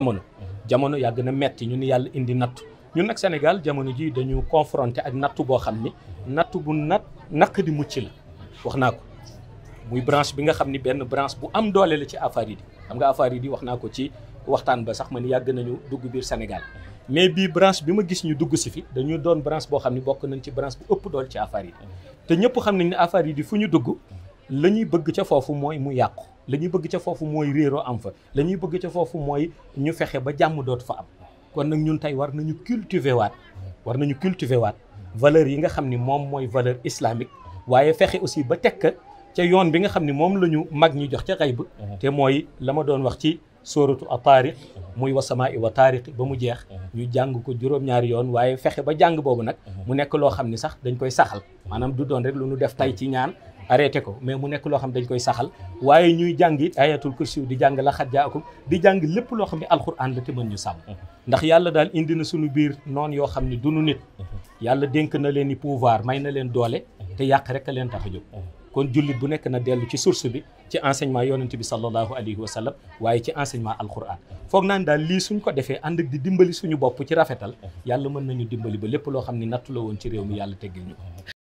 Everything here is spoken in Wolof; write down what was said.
jamono jamono yàgg na metti ñu ni yàlla indi natt ñun nag Sénégal jamono ji dañu confronté ak natt boo xam ni nattu bu nat naq di mucc la wax naa ko muy branche bi nga xam ni benn branche bu am doole la ci Afrique yi xam nga Afrique yi wax naa ko ci waxtaan ba sax ma yàgg nañu dugg biir Sénégal mais bii branche bi ma gis ñu dugg si fi dañu doon branche boo xam ni bokk nañ ci branche bu ëpp dool ci Afrique yi te ñëpp xam nañ ne Afrique fu ñu dugg la ñuy bëgg ca foofu mooy mu yàqu la ñuy bëgg ca foofu mooy réeroo am fa la ñuy bëgg ca foofu mooy ñu fexe ba jàmm dootu fa am kon nag ñun tey war nañu cultiver waat war nañu cultiver waat valeur yi nga xam ni moom mooy valeur islamique waaye fexe aussi ba tekk ca yoon bi nga xam ni moom la ñu mag ñu jox ca xayb te mooy la ma doon wax ci sóoratu a taariq muy wasamaa i wa ba mu jeex ñu jàng ko juróom-ñaari yoon waaye fexe ba jàng boobu nag mu nekk loo xam ni sax dañ koy saxal maanaam du doon rek lu ñu def tay ci ñaan arrêté ko mais mu nekk loo xam dañ koy saxal waaye ñuy jàng it ayatul kursi di jàng la xat jaakum di jàng lépp loo xam ne alxuraan la te mën ñu sàmm mhm. ndax yàlla daal indi na suñu biir noon yoo xam ne duñu nit mhm. yàlla dénk na leen i pouvoir may na leen doole mhm. te yàq rek a leen tax a jóg kon jullit bu nekk na dellu ci source bi ci enseignement yonent bi sallallahu alayhi wa sallam waaye ci enseignement alquran foog naa naan daal lii suñ ko defee ànd di dimbali suñu bopp ci rafetal yàlla mën nañu dimbali ba lépp loo xam ne nattu woon ci réew mi yàlla teggil ñu